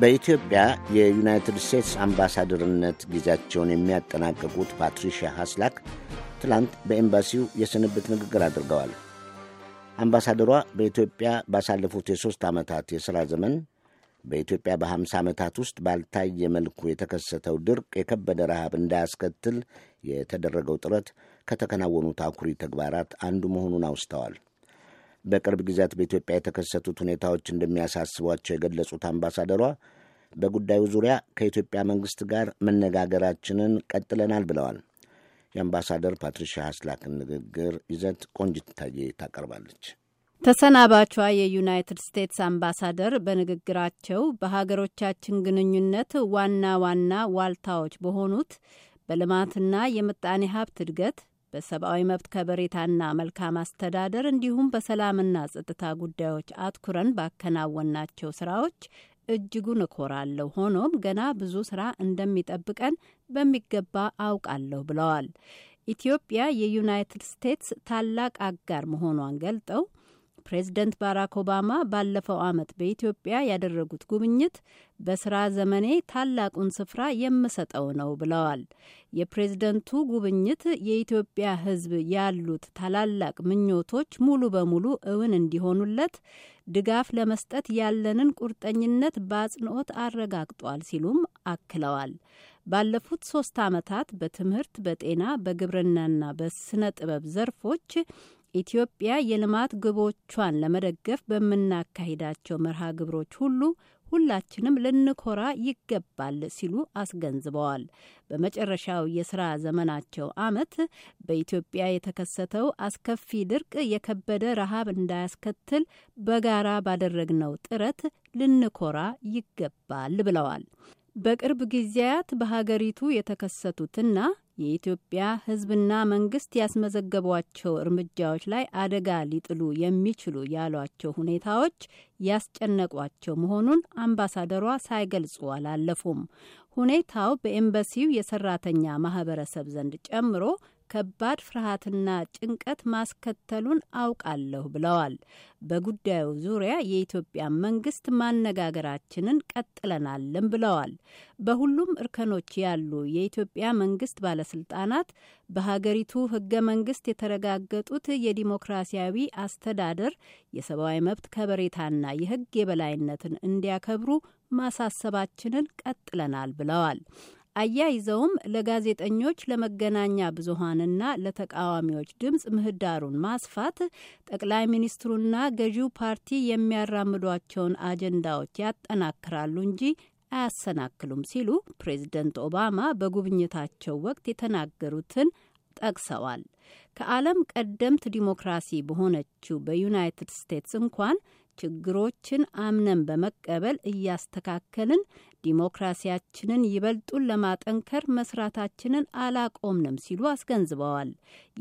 በኢትዮጵያ የዩናይትድ ስቴትስ አምባሳደርነት ጊዜያቸውን የሚያጠናቀቁት ፓትሪሺያ ሐስላክ ትላንት በኤምባሲው የስንብት ንግግር አድርገዋል። አምባሳደሯ በኢትዮጵያ ባሳለፉት የሦስት ዓመታት የሥራ ዘመን በኢትዮጵያ በ50 ዓመታት ውስጥ ባልታየ መልኩ የተከሰተው ድርቅ የከበደ ረሃብ እንዳያስከትል የተደረገው ጥረት ከተከናወኑት አኩሪ ተግባራት አንዱ መሆኑን አውስተዋል። በቅርብ ጊዜያት በኢትዮጵያ የተከሰቱት ሁኔታዎች እንደሚያሳስቧቸው የገለጹት አምባሳደሯ በጉዳዩ ዙሪያ ከኢትዮጵያ መንግስት ጋር መነጋገራችንን ቀጥለናል ብለዋል። የአምባሳደር ፓትሪሻ ሀስላክን ንግግር ይዘት ቆንጅት ታዬ ታቀርባለች። ተሰናባቿ የዩናይትድ ስቴትስ አምባሳደር በንግግራቸው በሀገሮቻችን ግንኙነት ዋና ዋና ዋልታዎች በሆኑት በልማትና የምጣኔ ሀብት እድገት በሰብአዊ መብት ከበሬታና መልካም አስተዳደር እንዲሁም በሰላምና ጸጥታ ጉዳዮች አትኩረን ባከናወናቸው ስራዎች እጅጉን እኮራለሁ። ሆኖም ገና ብዙ ስራ እንደሚጠብቀን በሚገባ አውቃለሁ ብለዋል። ኢትዮጵያ የዩናይትድ ስቴትስ ታላቅ አጋር መሆኗን ገልጠው ፕሬዝደንት ባራክ ኦባማ ባለፈው ዓመት በኢትዮጵያ ያደረጉት ጉብኝት በስራ ዘመኔ ታላቁን ስፍራ የምሰጠው ነው ብለዋል። የፕሬዝደንቱ ጉብኝት የኢትዮጵያ ሕዝብ ያሉት ታላላቅ ምኞቶች ሙሉ በሙሉ እውን እንዲሆኑለት ድጋፍ ለመስጠት ያለንን ቁርጠኝነት በአጽንኦት አረጋግጧል ሲሉም አክለዋል። ባለፉት ሶስት ዓመታት በትምህርት፣ በጤና፣ በግብርናና በስነ ጥበብ ዘርፎች ኢትዮጵያ የልማት ግቦቿን ለመደገፍ በምናካሂዳቸው መርሃ ግብሮች ሁሉ ሁላችንም ልንኮራ ይገባል ሲሉ አስገንዝበዋል። በመጨረሻው የስራ ዘመናቸው አመት በኢትዮጵያ የተከሰተው አስከፊ ድርቅ የከበደ ረሃብ እንዳያስከትል በጋራ ባደረግነው ጥረት ልንኮራ ይገባል ብለዋል። በቅርብ ጊዜያት በሀገሪቱ የተከሰቱትና የኢትዮጵያ ሕዝብና መንግስት ያስመዘገቧቸው እርምጃዎች ላይ አደጋ ሊጥሉ የሚችሉ ያሏቸው ሁኔታዎች ያስጨነቋቸው መሆኑን አምባሳደሯ ሳይገልጹ አላለፉም። ሁኔታው በኤምባሲው የሰራተኛ ማህበረሰብ ዘንድ ጨምሮ ከባድ ፍርሃትና ጭንቀት ማስከተሉን አውቃለሁ ብለዋል። በጉዳዩ ዙሪያ የኢትዮጵያ መንግስት ማነጋገራችንን ቀጥለናልም ብለዋል። በሁሉም እርከኖች ያሉ የኢትዮጵያ መንግስት ባለስልጣናት በሀገሪቱ ህገ መንግስት የተረጋገጡት የዲሞክራሲያዊ አስተዳደር፣ የሰብአዊ መብት ከበሬታና የህግ የበላይነትን እንዲያከብሩ ማሳሰባችንን ቀጥለናል ብለዋል። አያይዘውም ለጋዜጠኞች ለመገናኛ ብዙሀንና ለተቃዋሚዎች ድምፅ ምህዳሩን ማስፋት ጠቅላይ ሚኒስትሩና ገዢው ፓርቲ የሚያራምዷቸውን አጀንዳዎች ያጠናክራሉ እንጂ አያሰናክሉም ሲሉ ፕሬዝደንት ኦባማ በጉብኝታቸው ወቅት የተናገሩትን ጠቅሰዋል። ከዓለም ቀደምት ዲሞክራሲ በሆነችው በዩናይትድ ስቴትስ እንኳን ችግሮችን አምነን በመቀበል እያስተካከልን ዲሞክራሲያችንን ይበልጡን ለማጠንከር መስራታችንን አላቆምንም ሲሉ አስገንዝበዋል።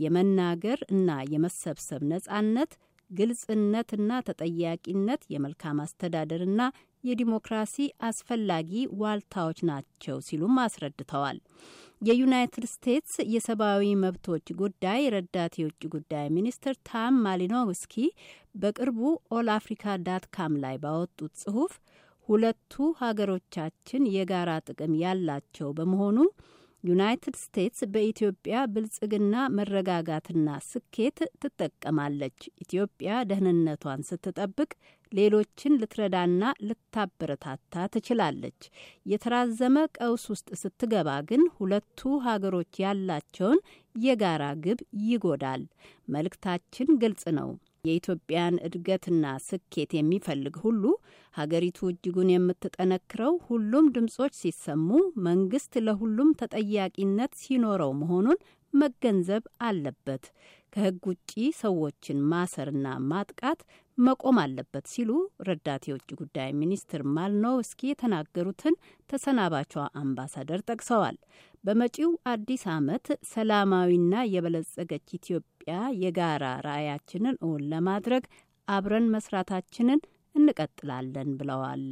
የመናገር እና የመሰብሰብ ነጻነት፣ ግልጽነትና ተጠያቂነት የመልካም አስተዳደርና የዲሞክራሲ አስፈላጊ ዋልታዎች ናቸው ሲሉም አስረድተዋል። የዩናይትድ ስቴትስ የሰብአዊ መብቶች ጉዳይ ረዳት የውጭ ጉዳይ ሚኒስትር ታም ማሊኖውስኪ በቅርቡ ኦል አፍሪካ ዳት ካም ላይ ባወጡት ጽሁፍ ሁለቱ ሀገሮቻችን የጋራ ጥቅም ያላቸው በመሆኑ ዩናይትድ ስቴትስ በኢትዮጵያ ብልጽግና፣ መረጋጋትና ስኬት ትጠቀማለች። ኢትዮጵያ ደህንነቷን ስትጠብቅ ሌሎችን ልትረዳና ልታበረታታ ትችላለች። የተራዘመ ቀውስ ውስጥ ስትገባ ግን ሁለቱ ሀገሮች ያላቸውን የጋራ ግብ ይጎዳል። መልእክታችን ግልጽ ነው። የኢትዮጵያን እድገትና ስኬት የሚፈልግ ሁሉ ሀገሪቱ እጅጉን የምትጠነክረው ሁሉም ድምጾች ሲሰሙ መንግስት ለሁሉም ተጠያቂነት ሲኖረው መሆኑን መገንዘብ አለበት፣ ከህግ ውጪ ሰዎችን ማሰርና ማጥቃት መቆም አለበት ሲሉ ረዳት የውጭ ጉዳይ ሚኒስትር ማልኖውስኪ የተናገሩትን ተሰናባቿ አምባሳደር ጠቅሰዋል። በመጪው አዲስ ዓመት ሰላማዊና የበለጸገች ኢትዮጵያ የጋራ ራዕያችንን እውን ለማድረግ አብረን መስራታችንን እንቀጥላለን ብለዋል።